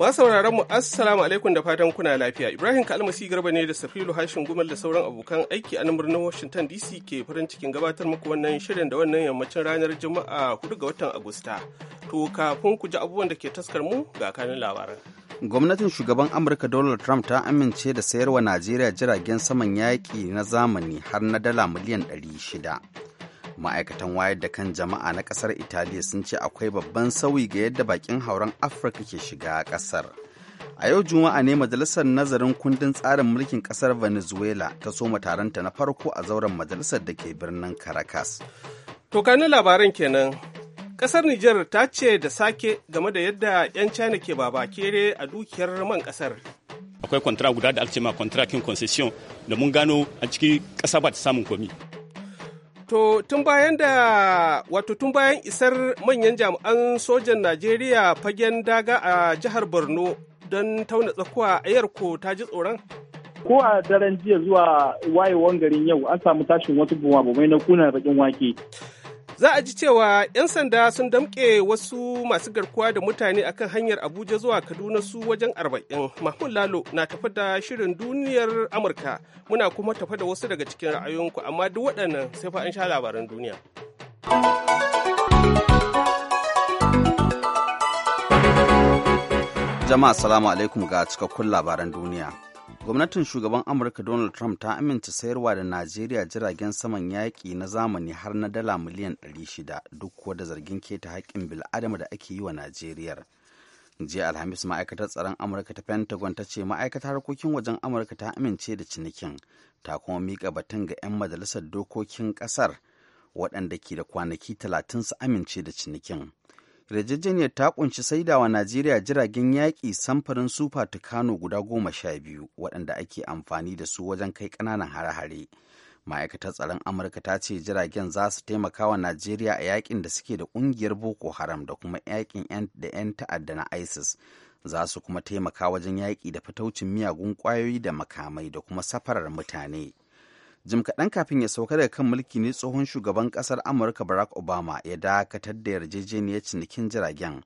Masu mu assalamu alaikum da fatan kuna lafiya. Ibrahim Kalmasi Garba ne da Safilu Hashin Gumal da sauran abokan aiki a birnin Washington DC ke farin cikin gabatar muku wannan shirin da wannan yammacin ranar Juma'a 4 ga watan Agusta. To kafin ku ji abubuwan da ke taskar mu ga kanin labaran. Gwamnatin shugaban Amurka Donald Trump ta amince da sayarwa Najeriya jiragen saman yaƙi na zamani har na dala miliyan 600. ma'aikatan wayar da kan jama'a na kasar italiya sun ce akwai babban sauyi ga yadda bakin hauren afirka ke shiga kasar a yau juma'a ne majalisar nazarin kundin tsarin mulkin kasar venezuela ta soma taronta na farko a zauren majalisar da ke birnin caracas to labaran kenan kasar niger ta ce da sake game da yadda 'yan china ke babakere a dukiyar man kasar akwai kwantara guda da ake ma kwantara kin concession da mun gano a cikin kasa ba ta samun komi Wato tun bayan da wato tun bayan isar manyan jami'an sojan Najeriya fagen daga a jihar Borno don tauna tsakuwa ko ta ji tsoron? Ko a daren jiya zuwa wayewan garin yau an samu tashin wasu bamai na kuna bakin wake. Za a ji cewa 'yan sanda sun damƙe wasu masu garkuwa da mutane akan hanyar Abuja zuwa Kaduna su wajen arba'in. Mahmud Lalo na tafi da shirin duniyar Amurka. Muna kuma tafi da wasu daga cikin ra'ayoyinku amma duk waɗannan sai fa an sha labaran duniya. Jama'a salamu alaikum ga cikakkun labaran duniya. gwamnatin shugaban amurka donald trump ta amince sayarwa da najeriya jiragen saman yaƙi na zamani har na dala miliyan 600 duk kuwa da zargin keta haƙƙin bil'adama da ake yi wa Najeriya. jiya alhamis ma'aikatar tsaron amurka ta pentagon ta ce ma'aikatar harkokin wajen amurka ta amince da cinikin ta kuma miƙa batun ga 'yan majalisar dokokin ƙasar waɗanda ke da kwanaki 30 su amince da cinikin yarjejeniyar ta kunshi wa najeriya jiragen yaƙi samfarin sufa tukano guda goma sha biyu waɗanda ake amfani da su wajen kai ƙananan hare-hare ma'aikatar tsaron amurka ta ce jiragen za su taimaka wa najeriya a yaƙin da suke da ƙungiyar boko haram da kuma yaƙin da 'yan ta'adda na isis za su kuma taimaka wajen yaƙi da fataucin miyagun ƙwayoyi da makamai da kuma safarar mutane jim kaɗan kafin ya sauka daga kan mulki ne tsohon shugaban ƙasar amurka barack obama ya dakatar da yarjejeniyar cinikin jiragen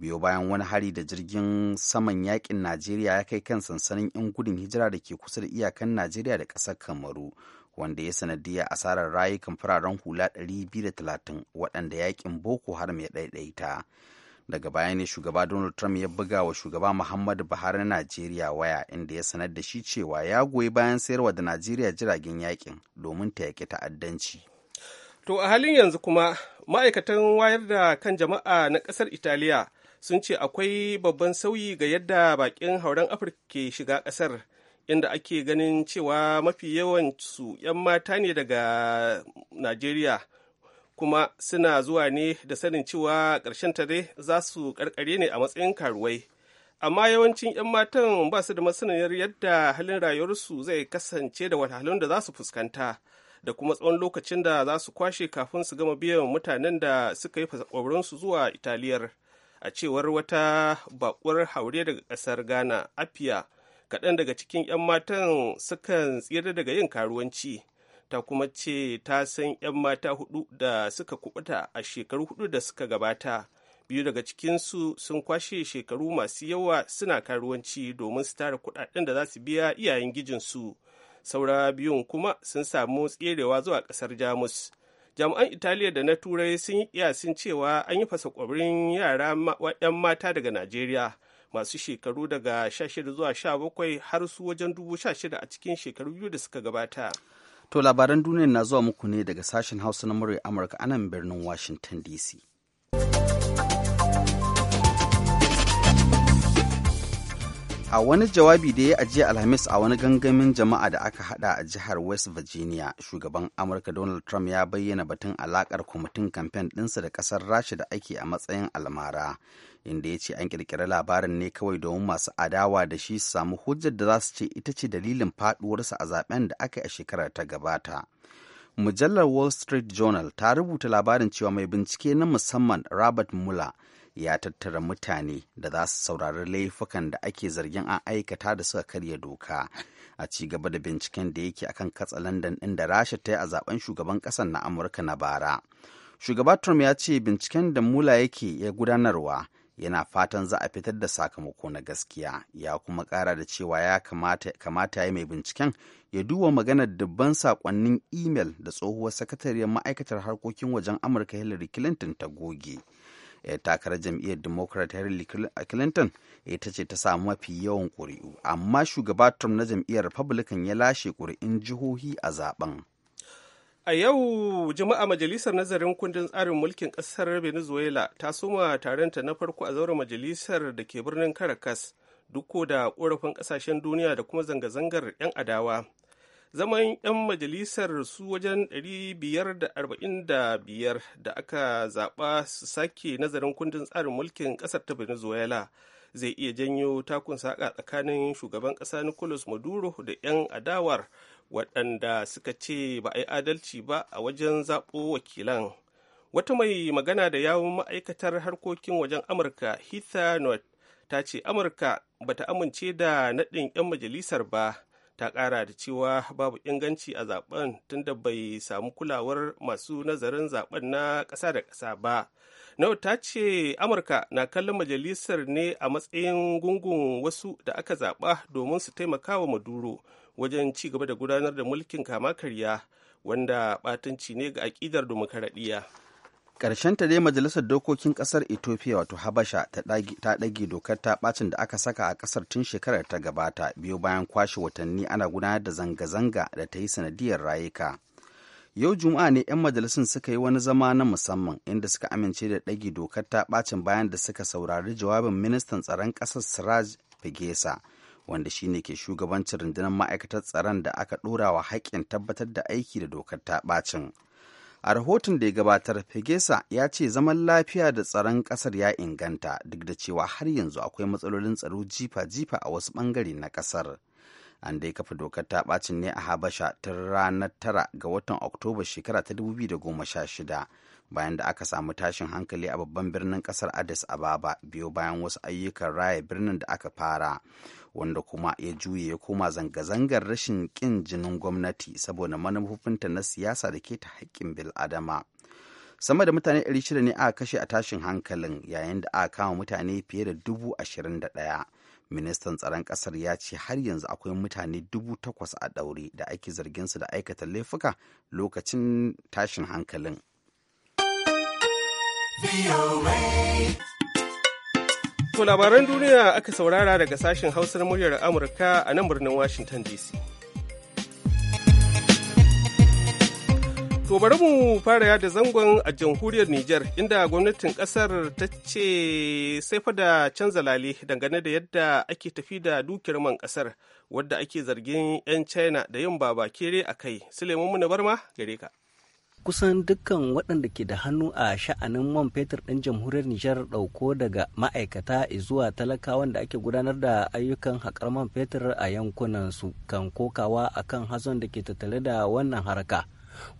biyo bayan wani hari da jirgin saman yakin najeriya ya kai kan sansanin 'yan gudun hijira da ke kusa da iyakan najeriya da ƙasar kamaru wanda ya sanadiyar asarar rayukan fararen hula 230 waɗanda yakin boko haram ya ɗaiɗaita daga baya ne shugaba donald trump ya buga wa shugaba muhammadu buhari na najeriya waya inda ya sanar da shi cewa ya goyi bayan sayarwa da najeriya jiragen yakin domin ta yake ta'addanci to a halin yanzu kuma ma'aikatan wayar da kan jama'a na kasar italiya sun ce akwai babban sauyi ga yadda bakin hauren afirka ke shiga kasar inda ake ganin cewa mafi yawan su 'yan mata ne daga najeriya kuma suna zuwa ne da sanin cewa ƙarshen tare za su ƙarƙare ne a matsayin karuwai amma yawancin 'yan matan ba su da masaniyar yadda halin rayuwarsu zai kasance da wahalhalun da za su fuskanta da kuma tsawon lokacin da za su kwashe kafin su gama biyan mutanen da suka yi su zuwa italiyar a cewar wata bakuwar haure daga ƙasar ghana afiya kaɗan daga cikin 'yan matan sukan tsira daga yin karuwanci ta kuma ce ta san 'yan mata hudu da suka kubuta a shekaru hudu da suka gabata biyu daga cikinsu sun kwashe shekaru masu yawa suna karuwanci domin su tara kudaden da za su biya iyayen gijinsu saura biyun kuma sun samu tserewa zuwa kasar jamus jami'an italiya da na turai sun yi kiyasin cewa an yi fasa kwabirin yara 'yan mata daga najeriya masu shekaru daga 16 zuwa 17 har su wajen 16 a cikin shekaru biyu da suka gabata To labaran duniyar na zuwa muku ne daga sashen Hausa na murya Amurka a nan birnin Washington DC. A wani jawabi da ya ajiye Alhamis a wani gangamin jama'a da aka hada a jihar West Virginia, shugaban Amurka Donald Trump ya bayyana batun alakar kwamitin kamfen ɗinsa da ƙasar Rasha da ake a matsayin almara. inda ya ce an kirkiri labarin ne kawai domin masu adawa da shi su samu hujjar da za su ce ita ce dalilin faɗuwarsa a zaben da aka yi a shekarar ta gabata. Mujallar Wall Street Journal ta rubuta labarin cewa mai bincike na musamman Robert Mueller ya tattara mutane da za su saurari laifukan da ake zargin an aikata da suka karya doka a ci gaba da binciken da yake akan katsalandan ɗin da rasha ta yi a zaben shugaban ƙasar na amurka na bara shugaba trump ya ce binciken da mula yake ya gudanarwa yana fatan za a fitar da sakamako na gaskiya ya kuma kara da cewa ya kamata ya mai binciken ya duba maganar dubban sakonnin imel da tsohuwar sakatariyar ma'aikatar harkokin wajen amurka hillary clinton ta goge ya eh, takarar jam'iyyar democrat hillary clinton ita ce ta samu mafi yawan ƙuri'u amma shugaba trump na jam'iyyar republican ya lashe ƙuri'un jihohi a zaben A yau Juma'a Majalisar Nazarin Kundin Tsarin Mulkin Ƙasar Venezuela ta suma tarenta na farko a zauren majalisar da ke birnin Caracas duk da ƙorafin ƙasashen duniya da kuma zanga-zangar 'yan adawa. Zaman 'yan majalisar su wajen 545 da aka zaɓa su sake nazarin kundin tsarin mulkin ƙasar ta Venezuela zai iya janyo takun saƙa tsakanin shugaban ƙasa Nicolas Maduro da 'yan adawar waɗanda suka ce ba a yi adalci ba a wajen zaɓo wakilan wata mai magana da yawun ma'aikatar harkokin wajen amurka heather north ta ce amurka ba ta amince da naɗin 'yan majalisar ba ta ƙara da cewa babu inganci a zaben tunda bai samu kulawar masu nazarin zaɓen na ƙasa da ƙasa ba nau ta ce amurka na kallon majalisar ne a matsayin gungun wasu da aka zaɓa domin su taimaka wa maduro wajen ci gaba da gudanar da mulkin kama karya wanda batanci ne ga aƙidar dimokuraɗiyya. ta dai majalisar dokokin ƙasar ethiopia wato habasha ta ɗage dokar ta ɓacin da aka saka a ƙasar tun shekarar ta gabata biyu bayan kwashe watanni ana gudanar da zanga-zanga da ta yi sanadiyar rayuka yau juma'a ne 'yan majalisun suka yi wani zama na musamman inda suka amince da ɗage dokar ta ɓacin bayan da suka saurari jawabin ministan tsaron ƙasar siraj pegesa wanda shine ke shugabancin rundunar ma'aikatar tsaron da aka ɗora wa haƙƙin tabbatar da aiki da dokar ta ɓacin. a rahoton da ya gabatar fegesa ya ce zaman lafiya da tsaron ƙasar ya inganta duk da cewa har yanzu akwai matsalolin tsaro jifa-jifa a wasu bangare na ƙasar an dai kafa dokar ta bacin ne a habasha tun ranar tara ga watan oktoba shekara ta dubu da goma sha shida bayan da aka samu tashin hankali a babban birnin kasar addis ababa biyo bayan wasu ayyukan raya birnin da aka fara wanda kuma ya juye ya koma zanga-zangar rashin ƙin jinin gwamnati saboda manufofinta na siyasa da ke ta haƙƙin bil'adama. Sama da mutane 600 ne aka kashe a tashin hankalin yayin da aka kama mutane fiye da dubu ashirin da ɗaya. Ministan tsaron ƙasar ya ce har yanzu akwai mutane dubu takwas a ɗaure da ake zargin su da aikata laifuka lokacin tashin hankalin. To labaran duniya aka saurara daga sashen hausar muryar Amurka a nan birnin Washington DC. To bari mu fara yada zangon a jamhuriyar Nijar inda gwamnatin kasar ta ce sai fa da canza lale dangane da yadda ake tafi da dukiyar man kasar wadda ake zargin 'yan China da yin babakere a kai. Suleiman Munabarma Barma gare ka. kusan dukkan waɗanda ke da hannu a sha'anin man fetur ɗin jamhuriyar Nijar ɗauko daga ma'aikata zuwa talakawan da ake gudanar da ayyukan haƙar man fetur a yankunan su kan kokawa akan hazon da ke tattare da wannan haraka.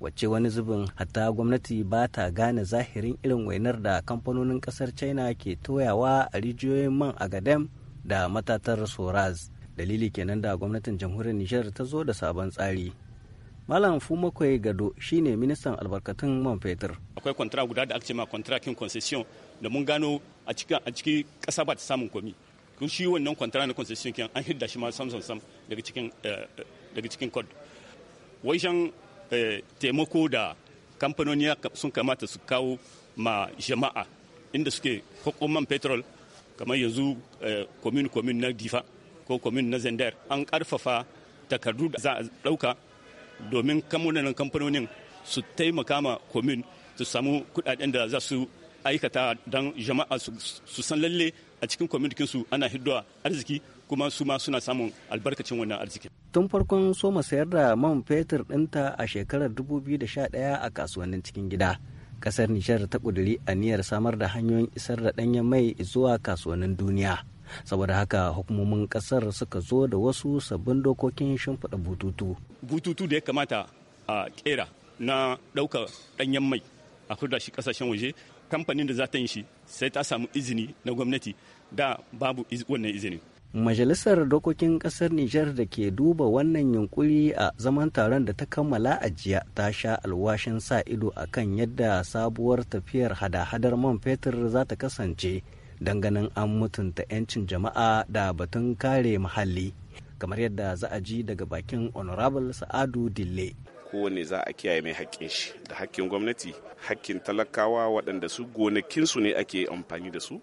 wacce wani zubin hatta gwamnati ba ta gane zahirin irin wainar da kamfanonin ƙasar china ke toyawa a rijiyoyin man agadem da matatar soraz dalili kenan da gwamnatin jamhuriyar nijar ta zo da sabon tsari Malam Fumakwai Gado shine ministan albarkatun man fetur. Akwai kwantara guda da ake ma kwantara concession da mun gano a cikin a cikin ƙasa ba ta samun komi. Kun shi wannan kwantara na concession kin an hidda shi ma sam sam sam daga cikin eh, eh, daga cikin code. Wai shan eh, taimako da kamfanoniya sun kamata su kawo ma jama'a inda suke hukuman petrol kamar yanzu commune commune na difa ko commune na Zender an karfafa takardu da za a dauka domin kamunan kamfanonin su taimaka ma komin su samu kudaden da za su aikata don jama'a su san lalle a cikin kwamitinsu ana hiddowa arziki kuma su ma suna samun albarkacin wannan arziki. Tun farkon soma sayar da man fetur ɗinta a shekarar 2011 a kasuwannin cikin gida. Kasar Nijar ta a aniyar samar da hanyoyin isar da ɗanyen mai zuwa kasuwannin duniya. saboda haka hukumomin kasar suka zo da wasu sabbin dokokin shimfiɗa bututu bututu da ya kamata a kera na ɗaukar ɗanyen mai a furda shi ƙasashen waje kamfanin da za ta yi shi sai ta samu izini na gwamnati da babu wannan izini Majalisar Dokokin kasar Nijar da ke duba wannan yunkuri a zaman taron da ta kammala a jiya ta sha alwashin sa ido a kan yadda sabuwar tafiyar hada-hadar man fetur za ta kasance danganin an mutunta 'yancin jama'a da batun kare muhalli kamar yadda za a ji daga bakin honorable sa'adu dille kowane za a kiyaye mai haƙƙin shi da haƙƙin gwamnati haƙƙin talakawa waɗanda su gonakinsu ne ake amfani da su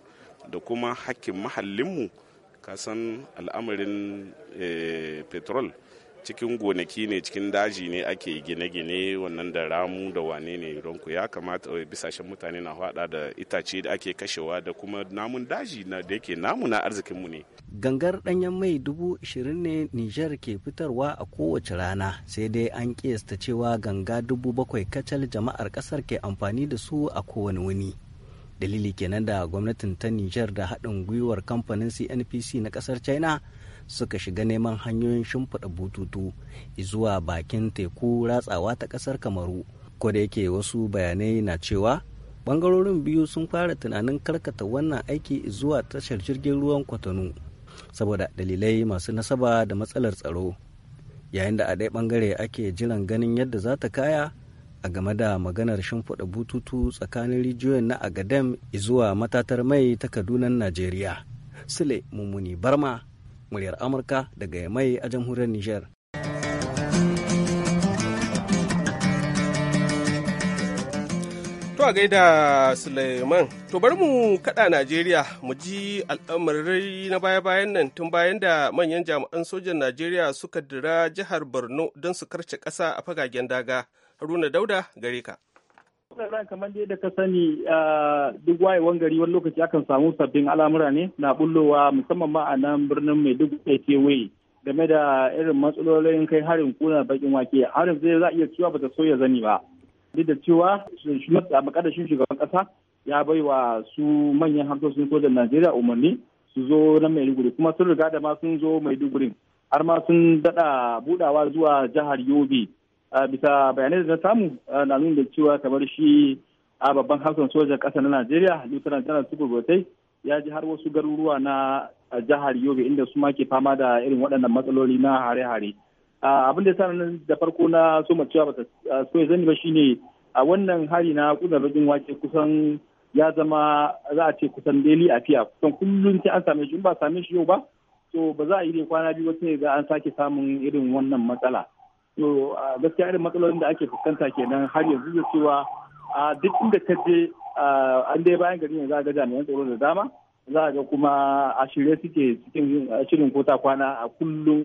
da kuma haƙƙin mahallinmu kasan al'amarin eh, petrol cikin gonaki ne cikin daji ne ake gine-gine wannan da ramu da wane ne ku ya kamata eh, bisashen mutane na hada da itace da ake kashewa da kuma namun daji na da yake namu na arzikinmu ne gangar danyen mai dubu ishirin ne niger ke fitarwa a kowace rana sai dai an kiyasta cewa ganga dubu bakwai kacal jama'ar kasar ke amfani da su a kowane wuni dalili kenan da gwamnatin ta niger da haɗin gwiwar kamfanin cnpc na kasar china suka shiga neman hanyoyin shimfiɗa bututu zuwa bakin teku ratsawa ta ƙasar kamaru ko da yake wasu bayanai na cewa bangarorin biyu sun fara tunanin karkata wannan aiki zuwa tashar jirgin ruwan kwatano saboda dalilai masu nasaba da matsalar tsaro yayin da a ɗaya ɓangare ake jiran ganin yadda za ta kaya a game da maganar shimfiɗa bututu tsakanin rijiyoyin na agadem zuwa matatar mai ta Kaduna najeriya sule mummuni barma muryar Amurka daga mai a jamhuriyar niger. To a gaida Suleiman, to bari mu kada Najeriya mu ji al'amarai na baya-bayan nan tun bayan da manyan jami'an sojan Najeriya suka dira jihar Borno don su karce ƙasa a fagagen daga. Haruna Dauda gare ka. Ran kamar da ka sani duk wayewan gari wani lokaci akan samu sabbin al'amura ne na bullowa musamman ma a nan birnin mai duk da ke kewaye game da irin matsalolin kai harin kuna bakin wake harin zai za iya cewa bata soya zani ba duk da cewa a shi shugaban kasa ya bai wa su manyan hamsoshin sojan Najeriya umarni su zo na Maiduguri kuma sun riga da ma sun zo Maiduguri har ma sun dada budawa zuwa jihar Yobe bisa bayanai da na samu na nuna da cewa kamar shi a babban hausan sojan kasa na Najeriya Lieutenant General Tukur Gotai ya ji har wasu garuruwa na jihar Yobe inda su ma ke fama da irin waɗannan matsaloli na hare-hare. Abin da ya da farko na so cewa ba so ya zani ba shine a wannan hari na kudin bakin wake kusan ya zama za a ce kusan a fiya kusan kullum sai an same shi in ba same shi yau ba to ba za a yi ne kwana biyu wata ga an sake samun irin wannan matsala. to uh, gaskiya irin matsalolin da ake fuskanta kenan har yanzu da cewa a duk inda ka je an dai bayan gari yanzu za ga jami'an tsaro da dama za ga kuma a shirye suke cikin shirin kota kwana a kullum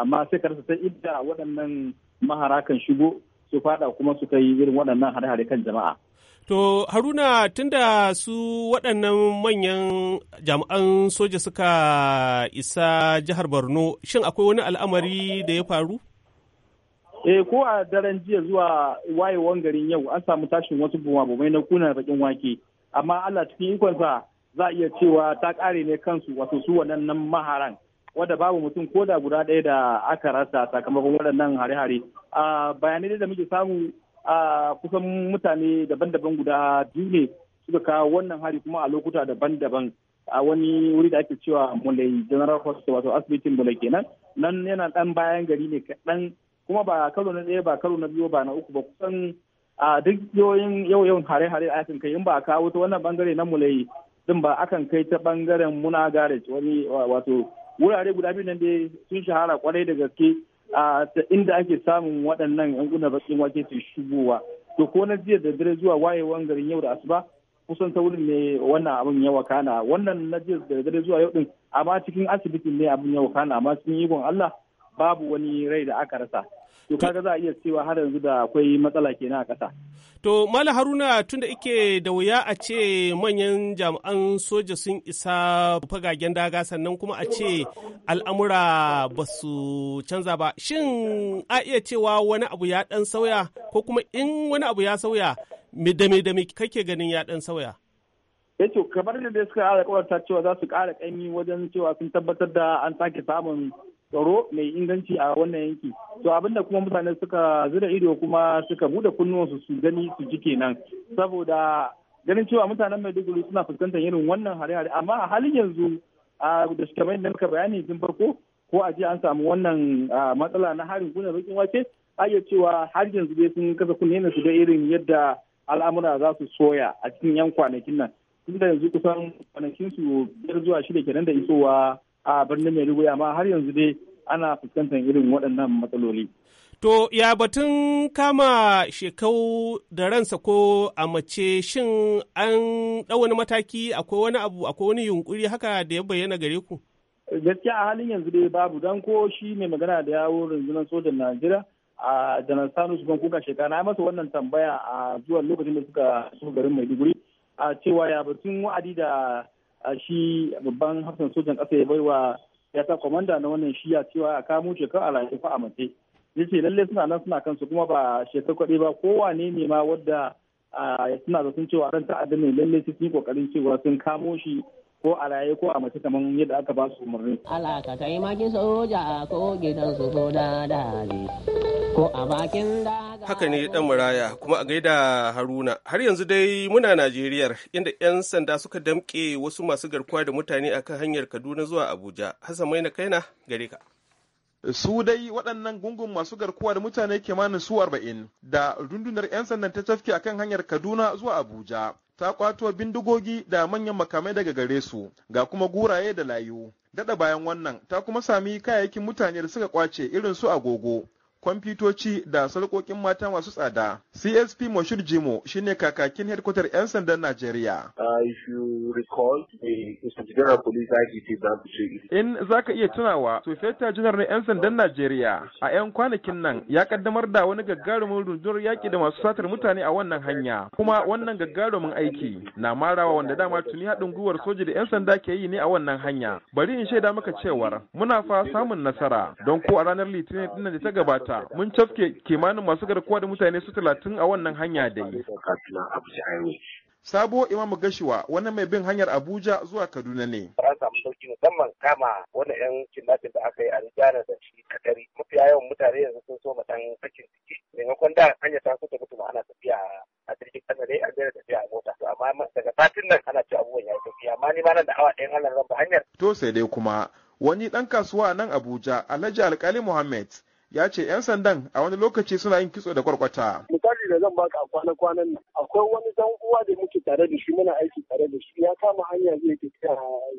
amma sai ka rasa inda waɗannan mahara kan shigo su fada kuma su kai irin waɗannan hare-hare kan jama'a. To Haruna tunda su waɗannan manyan jami'an soja suka isa jihar Borno shin akwai wani al'amari da ya faru? Eh ko a daren jiya zuwa wayewan garin yau an samu tashin wasu bumabumai na kuna bakin wake amma Allah cikin ikonsa za a iya cewa ta kare ne kansu wato su nan maharan wanda babu mutum ko da guda ɗaya da aka rasa sakamakon waɗannan hare-hare. A bayanai da muke samu a kusan mutane daban-daban guda biyu ne suka kawo wannan hari kuma a lokuta daban-daban a wani wuri da ake cewa mulai general hospital wato asibitin mulai kenan nan yana dan bayan gari ne kaɗan kuma ba karo na ɗaya ba karo na biyu ba na uku ba kusan a duk yoyin yau yau hare-hare a yakin kai in ba a kawo ta wannan bangare na mulai din ba akan kai ta bangaren muna garage wani wato wurare guda biyu nan dai sun shahara kwarai da gaske a inda ake samun waɗannan yan kuna bakin wake su shigowa to ko na jiya da dare zuwa wayewan garin yau da asuba kusan ta wurin ne wannan abin yawa kana wannan na jiya da dare zuwa yau din amma cikin asibitin ne abin ya kana amma cikin ikon Allah babu wani rai da aka rasa to kaga za a iya cewa har yanzu da akwai matsala kenan a ƙasa to mala haruna tunda ike da wuya a ce manyan jami'an soja sun isa fagagen daga sannan kuma a ce al'amura ba su canza ba shin a iya cewa wani abu ya dan sauya ko kuma in wani abu ya sauya da me kake ganin ya dan sauya ya eh ce kamar da suka ta cewa za su ƙara ƙaimi wajen cewa sun tabbatar da an sake samun tsaro mai inganci a wannan yanki to abinda kuma mutane suka zira ido kuma suka bude kunnuwansu su gani su ji kenan saboda ganin cewa mutanen maiduguri suna fuskantar irin wannan hare-hare amma a halin yanzu a da kamar yadda bayani tun farko ko a ji an samu wannan matsala na harin kuna bakin wace a iya cewa har yanzu dai sun kasa kunne su ga irin yadda al'amura za su soya a cikin yan kwanakin nan Tun da yanzu kusan kwanakin su biyar zuwa shida kenan da isowa a birnin Maiduguri amma har yanzu dai ana fuskantar irin waɗannan matsaloli. To ya batun kama shekau da ransa ko a mace shin an ɗau wani mataki akwai wani abu akwai wani yunkuri haka da ya bayyana gare ku? Gaskiya a halin yanzu dai babu dan ko shi mai magana da yawo rundunar sojan Najeriya a janar Sanu su Kuka shekara na masa wannan tambaya a zuwa lokacin da suka so garin Maiduguri a cewa ya batun wa'adi da a shi babban hafsan sojan ƙasa ya baiwa ya ta kwamanda na wannan shiya cewa a kamo shekaru a rayu fa a mace ya ce lallai suna nan suna kansu kuma ba shekar kwaɗe ba kowane ne ma wadda suna da sun cewa ran ta'adda ne lallai sun yi ƙoƙarin cewa sun kamo shi ko a raye ko a mace kamar yadda aka ba su umarni. Allah ka taimaki soja ko gidan su ko dadali ko a bakin daga. Haka ne dan muraya kuma a gaida Haruna. Har yanzu dai muna Najeriya inda 'yan sanda suka damƙe wasu masu garkuwa da mutane akan hanyar Kaduna zuwa Abuja. Hassan Maina Kaina gare ka. su dai waɗannan gungun masu garkuwa da mutane kimanin su arba'in da rundunar 'yan sandan ta tafke akan hanyar kaduna zuwa abuja ta kwato bindigogi da manyan makamai daga gare su ga kuma guraye da layu dada bayan wannan ta kuma sami kayayyakin mutane da suka kwace irin su agogo kwamfutoci da sarƙoƙin mata masu tsada. CSP Moshir Jimo shine kakakin hedkwatar 'yan sandan Najeriya. Uh, in za ka iya tunawa, Sofeta Janar na 'yan sandan Najeriya a 'yan kwanakin nan ya kaddamar da wani gagarumin rundunar yaƙi da masu satar mutane a wannan hanya. Kuma wannan gagarumin aiki na marawa wanda dama tuni haɗin gwiwar soja da 'yan sanda ke yi ne a wannan hanya. Bari in shaida maka cewar muna fa samun nasara don ko a ranar Litinin ɗin da ta gabata mun cafke kimanin masu garkuwa da mutane su talatin a wannan hanya da yi. Sabo Imamu Gashiwa wani mai bin hanyar Abuja zuwa Kaduna ne. An samu sauki musamman kama wani 'yan kidnapping da aka yi a Rijana da shi kadari. Mafiya yawan mutane yanzu sun so ma ɗan sakin ciki. Maimakon da hanya ta so ta ana tafiya a jirgin ƙasa dai an daina tafiya a mota. To amma daga satin nan ana ci abubuwan ya tafiya. Amma ni ma nan da awa ɗayan halar ran ba hanyar. To sai dai kuma wani dan kasuwa nan Abuja Alhaji Alkali Muhammad ya ce 'yan sandan a wani lokaci suna yin kitso da kwarkwata. Misali da zan baka a kwana-kwanan nan akwai wani dan uwa da muke tare da shi muna aiki tare da shi ya kama hanya zai tafiya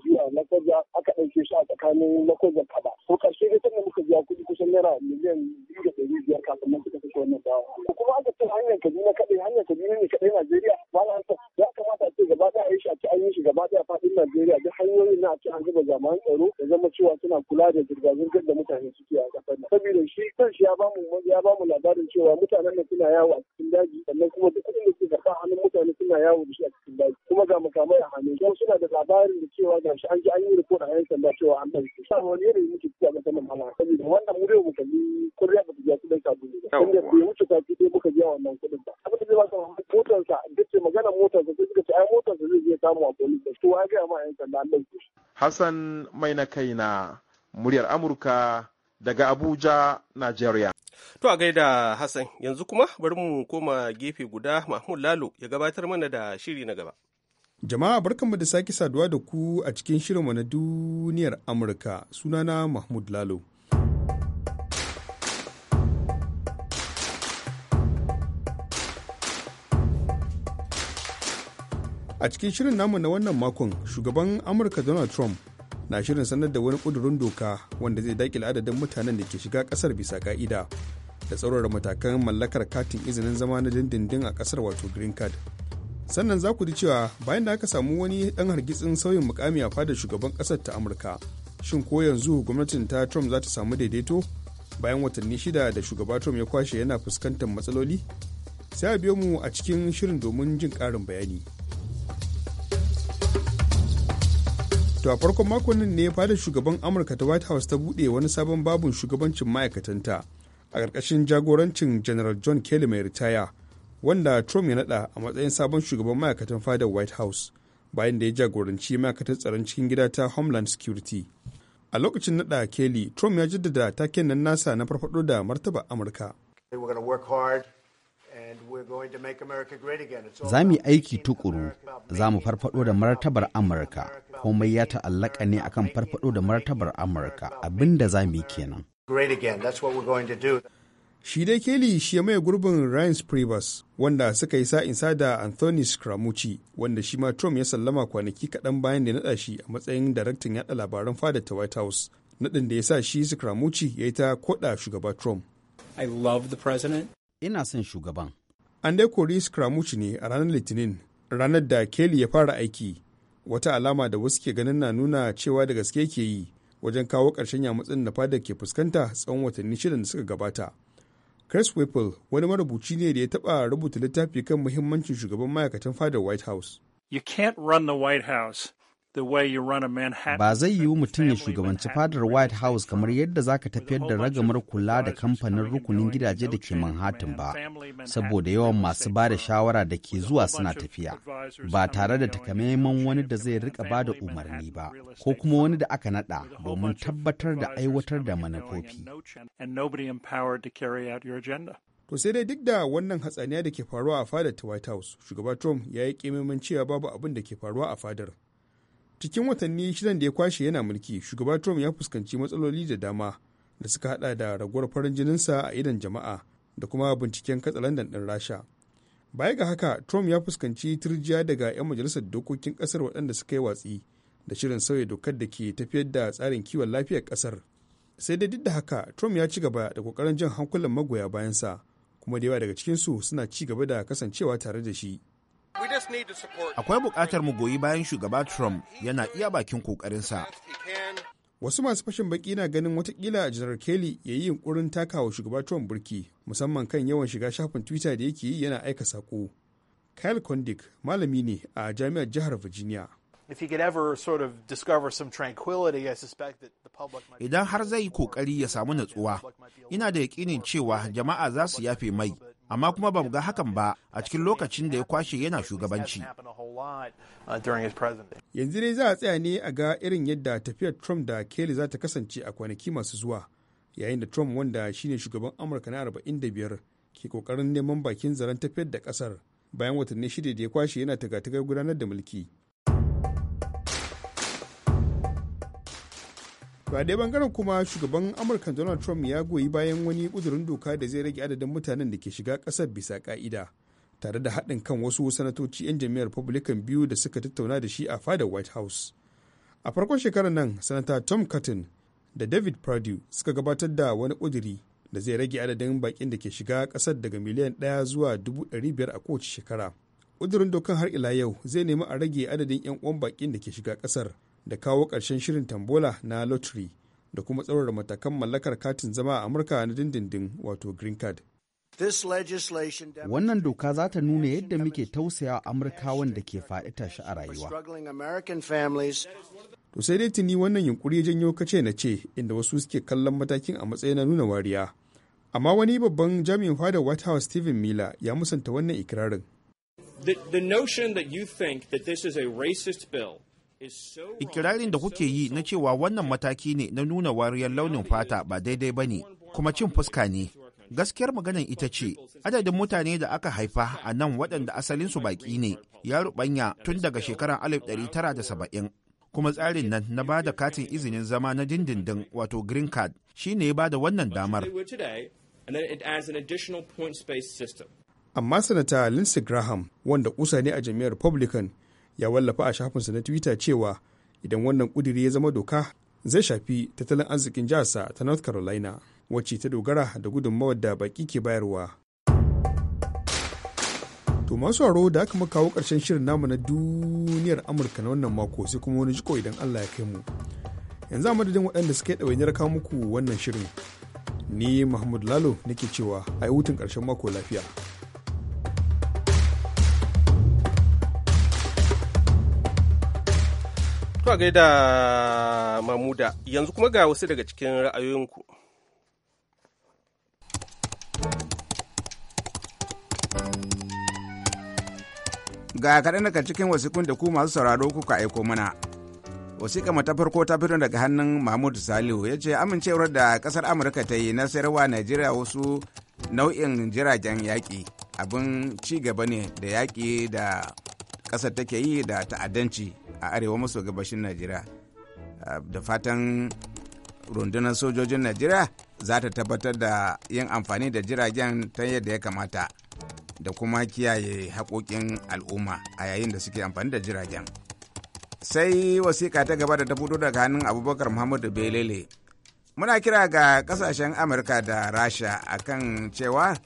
zuwa Lakwaja aka ɗauke shi a tsakanin Lakwaja kaba. Ko ƙarshe da sannan muka biya kuɗi kusan naira miliyan biyu da ɗari biyar kafin nan suka kashe wannan dawa. Kuma aka ce hanyar Kaduna kaɗai hanyar Kaduna ne kaɗai Najeriya ba na za a ce gaba ɗaya a yi shi a ce an yi shi gaba ɗaya faɗin Najeriya duk hanyoyin na a ce an zuba jami'an tsaro ya zama cewa suna kula da zirga-zirgar da mutane suke a ƙasar nan. Saboda shi shi ya bamu ya mu labarin cewa mutanen nan suna yawo a cikin daji sannan kuma duk inda suke da hannun mutane suna yawo da shi a cikin daji kuma ga makamai a hannun don suna da labarin da cewa ga shi an ji an yi rikon a yankin da cewa an ɗauki. Sa wani yanayi muke cewa a sanin mala saboda wannan mu dai mu kalli kuriya ba ta biya kuɗin sabulu. Inda bai wuce sati dai muka biya wannan kuɗin ba. Abin da zai ba ka motarsa magana motar sai suka ce ai motar zai je samu a police to ya ga ma yan sanda an Hassan mai na kai na muryar Amurka daga Abuja Nigeria To a gaida Hassan yanzu kuma bari mu koma gefe guda Mahmud Lalo ya gabatar mana da shiri na gaba Jama'a barkanmu da sake saduwa da ku a cikin shirinmu na duniyar Amurka sunana Mahmud Lalo a cikin shirin namu na wannan makon shugaban amurka donald trump na shirin sanar da wani ƙudurin doka wanda zai daƙile adadin mutanen da ke shiga ƙasar bisa ka'ida da tsaurara matakan mallakar katin izinin zama na dindindin a ƙasar wato green card sannan za ku ji cewa bayan da aka samu wani ɗan hargitsin sauyin mukami a fadar shugaban ƙasar ta amurka shin ko yanzu gwamnatin ta trump za ta samu daidaito bayan watanni shida da shugaba trump ya kwashe yana fuskantar matsaloli sai a biyo mu a cikin shirin domin jin ƙarin bayani To a farkon makon nan ne fadar shugaban Amurka ta White House ta buɗe wani sabon babun shugabancin ma'aikatanta a ƙarƙashin jagorancin General John Kelly mai ritaya wanda Trump ya naɗa a matsayin sabon shugaban ma'aikatan fadar White House bayan da ya jagoranci ma'aikatan tsaron cikin gida ta Homeland Security. A lokacin naɗa Kelly, Trump ya jaddada taken nan nasa na farfaɗo da martaba Amurka. Za mu yi aiki tukuru, za mu farfado da martabar Amurka, komai ya ta'allaka ne akan farfado da martabar Amurka abin da za mu yi kenan. Shi dai Kelly shi mai gurbin Ryan Priebus wanda suka yi sa'insa da Anthony scramucci wanda shi ma Trump ya sallama kwanaki kaɗan bayan da naɗa shi a matsayin daraktan yaɗa labaran fada ta White House. Naɗin da ya sa shi scramucci ya yi ta koda shugaba Trump. love the president. Ina son shugaban. An dai kori Scaramucci ne a ranar Litinin, ranar da Kelly ya fara aiki, wata alama da wasu ke ganin na nuna cewa da gaske ke yi wajen kawo ƙarshen yamutsin da fadar ke fuskanta tsawon watanni shida da suka gabata. Chris Whipple wani marubuci ne da ya taɓa rubuta littafi kan muhimmancin shugaban ma'aikatan fadar White House. You can't run the White House Ba zai yiwu mutum ya shugabanci fadar White House kamar yadda za ka tafiyar da ragamar kula da kamfanin rukunin gidaje da ke Manhattan ba, saboda yawan masu ba da shawara da ke zuwa suna tafiya, ba tare da takamaiman wani da zai rika ba da umarni ba, ko kuma wani da aka nada domin tabbatar da aiwatar da manufofi. To sai dai duk da wannan hatsaniya da ke faruwa a fadar ta White House, shugaba Trump ya yi cewa babu abin da ke faruwa a fadar. cikin watanni shidan da ya kwashe yana mulki shugaba trump ya fuskanci matsaloli da dama da suka hada da raguwar farin jininsa a idan jama'a da kuma binciken katsalandan din rasha baya ga haka trump ya fuskanci turjiya daga 'yan majalisar dokokin kasar waɗanda suka yi watsi da shirin sauya dokar da ke tafiyar da tsarin kiwon lafiyar kasar sai dai duk da haka trump ya ci gaba da kokarin jan hankulan magoya bayansa kuma da yawa daga cikinsu suna ci gaba da kasancewa tare da shi Akwai buƙatar mu goyi bayan shugaba Trump yana iya bakin kokarinsa. Wasu masu fashin baki na ganin watakila Janar Kelly ya yi yunkurin takawa shugaba Trump burki musamman kan yawan shiga shafin Twitter da yake yi yana aika saƙo. Kyle Kondik malami ne a jami'ar jihar Virginia. Idan har zai yi kokari ya samu natsuwa, ina da yaƙinin cewa jama'a za su yafe mai. amma kuma ba mu ga hakan ba a cikin lokacin da ya kwashe yana shugabanci. Yanzu dai za a tsaya ne a ga irin yadda tafiyar Trump da Kelly za ta kasance a kwanaki masu zuwa, yayin da Trump wanda shine shugaban Amurka na 45 ke kokarin neman bakin zaren tafiyar da kasar bayan watanni shida da ya kwashe yana tagatagar gudanar da mulki. to bangaren kuma shugaban amurka donald trump ya goyi bayan wani ƙudurin doka da zai rage adadin mutanen da ke shiga ƙasar bisa ƙa'ida tare da haɗin kan wasu sanatoci 'yan jam'iyyar republican biyu da suka tattauna da shi a fadar white house a farkon shekarar nan sanata tom cotton da david perdue suka gabatar da wani ƙuduri da zai rage adadin baƙin da ke shiga ƙasar daga miliyan ɗaya zuwa dubu ɗari biyar a kowace shekara ƙudurin dokan har ila yau zai nemi a rage adadin 'yan uwan bakin da ke shiga ƙasar da kawo ƙarshen shirin tambola na lottery da kuma tsaurar matakan mallakar katin zama a amurka na dindindin wato green card Wannan doka za ta nuna yadda muke tausaya Amurkawan da ke faɗi tashi a rayuwa. To sai dai tuni wannan yunkuri ya janyo kace na ce inda wasu suke kallon matakin a matsayin na nuna wariya. Amma wani babban jami'in fada White House Stephen Miller ya musanta wannan ikirarin. Ikirarin da kuke yi na cewa wannan mataki ne na nuna wariyar launin fata ba daidai ba ne, kuma cin fuska ne. Gaskiyar maganan ita ce, adadin mutane da aka haifa a nan waɗanda asalinsu baƙi ne ya rubanya tun daga shekarar 1970. Kuma tsarin nan na ba da katin izinin zama na dindindin wato green card shi ne ya ba da wannan damar. Amma Sanata Lindsey Graham, wanda kusa ne a jami'ar Republican, ya wallafa a shafinsa na twitter cewa idan wannan kuduri ya zama doka zai shafi tattalin arzikin jiharsa ta north carolina wacce ta dogara da gudunmawar da baki ke bayarwa to masu haro da aka kawo karshen shirin namu na duniyar amurka na wannan mako sai kuma wani jiko idan allah ya kai mu yanzu a madadin waɗanda suka yi ɗawainiyar kawo muku wannan shirin ni mahmud lalo nake cewa a yi hutun ƙarshen mako lafiya To a gaida Mamuda, yanzu kuma ga wasu daga cikin ra'ayoyinku. Ga kaɗan daga cikin wasikun da ku masu sauraro kuka aiko mana. wasiƙa mata farko ta fito daga hannun mahmud salihu ya ce amincewar da ƙasar amurka ta yi na sayarwa najeriya wasu nau'in jiragen yaƙi abin ci gaba ne da yaƙi da ƙasar take yi da ta'addanci a arewa maso gabashin najeriya da fatan rundunar sojojin najeriya za ta tabbatar da yin amfani da jiragen ta yadda ya kamata da kuma kiyaye haƙoƙin al'umma a yayin da suke amfani da jiragen sai wasiƙa ta gaba da ta fito daga hannun abubakar muhammadu belele muna kira ga ƙasashen amurka da rasha a kan cewa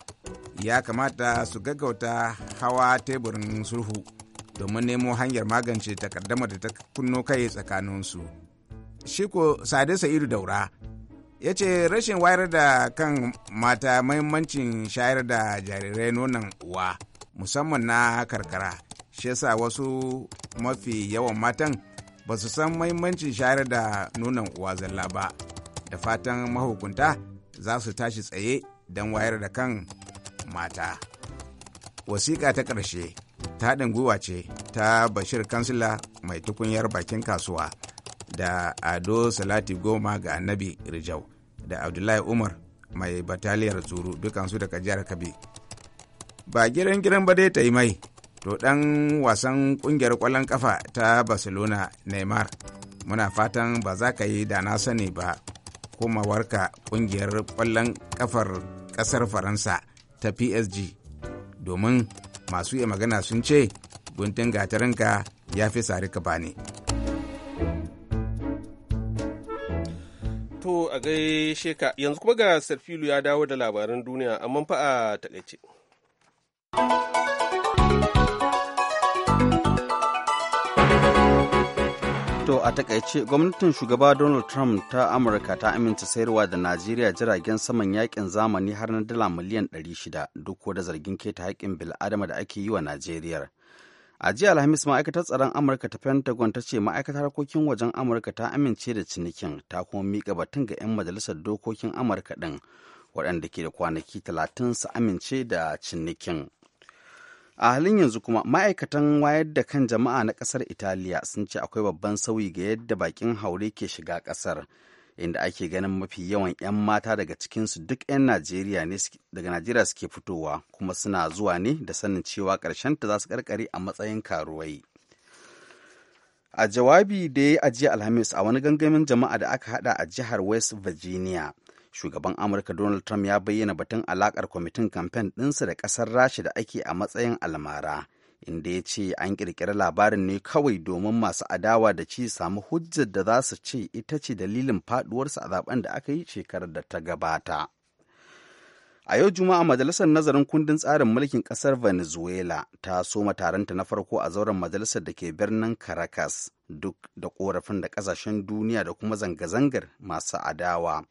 ya kamata su gaggauta hawa teburin sulhu domin nemo hanyar magance takaddama da ta kunno kai tsakaninsu. ko Sade Sa'idu Daura ya ce rashin wayar da kan mata mahimmancin shayar da jarirai nonon uwa musamman na karkara shi yasa wasu mafi yawan matan ba su san mahimmancin shayar da nonon uwa zalla ba da fatan mahukunta za su tashi tsaye don wayar da kan mata wasiƙa ta ƙarshe ta gwiwa ce ta bashir kansila mai tukunyar bakin kasuwa da ado salati goma ga annabi rijau da abdullahi umar mai bataliyar tsuru dukansu daga jihar kabi ba girin girin ba dai ta yi mai to ɗan wasan ƙungiyar ƙwallon kafa ta barcelona neymar muna fatan ba za ka yi da na sani ba komawarka ƙungiyar ƙwallon kafar ƙasar faransa ta psg domin masu iya magana sun ce guntun ka ya fi sari ka bane. to a gaishe ka yanzu kuma ga sarfilu ya dawo da labaran duniya amma fa a takaice To a takaice gwamnatin shugaba Donald Trump ta Amurka ta amince sayarwa da Najeriya jiragen saman yakin zamani har na dala miliyan 600 duk da zargin keta haƙƙin bil'adama da ake yi wa Najeriya. A jiya Alhamis ma'aikatar tsaron Amurka ta Pentagon ta ce ma'aikatar harkokin wajen Amurka ta amince da cinikin ta kuma miƙa batun ga 'yan majalisar dokokin Amurka ɗin waɗanda ke da kwanaki 30 su amince da cinikin. a halin yanzu kuma ma'aikatan wayar da kan jama'a na kasar italiya sun ce akwai babban sauyi ga yadda bakin haure ke shiga kasar inda ake ganin mafi yawan 'yan mata daga cikinsu duk 'yan najeriya ne daga najeriya suke fitowa kuma suna zuwa ne da sanin cewa ta za su karkare a matsayin karuwai a jawabi da ya yi ajiya alhamis a wani gangamin jama'a da aka hada a jihar west virginia shugaban amurka donald trump ya bayyana batun alakar kwamitin kamfen ɗinsa da ƙasar rasha da ake a matsayin almara inda ya ce an ƙirƙiri labarin ne kawai domin masu adawa da ci samu hujjar da za su ce ita ce dalilin faɗuwarsa a zaben da aka yi shekarar da ta gabata a yau juma'a majalisar nazarin kundin tsarin mulkin ƙasar venezuela ta soma taronta na farko a zauren majalisar da ke birnin caracas duk da korafin da ƙasashen duniya da kuma zanga-zangar masu adawa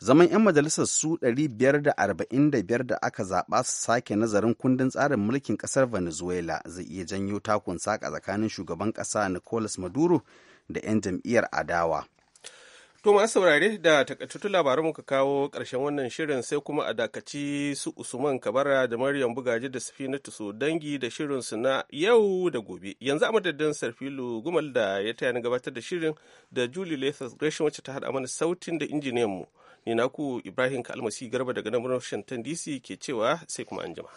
zaman 'yan majalisar su 545 da aka zaɓa su sake nazarin kundin tsarin mulkin ƙasar venezuela zai iya janyo takun saka tsakanin shugaban ƙasa nicolas maduro da 'yan jam'iyyar adawa To masu saurare da takaitattu labaran muka kawo ƙarshen wannan shirin sai kuma a dakaci su Usman Kabara da Maryam Bugaji da Safinatu su dangi da shirin su na yau da gobe. Yanzu a madadin Sarfilu Gumal da ya taya ni gabatar da shirin da Julie Lathas Gresham wacce ta hada mana sautin da injiniyan mu. ni naku ibrahim kalmasi garba daga nan washington dc ke cewa sai kuma anjima.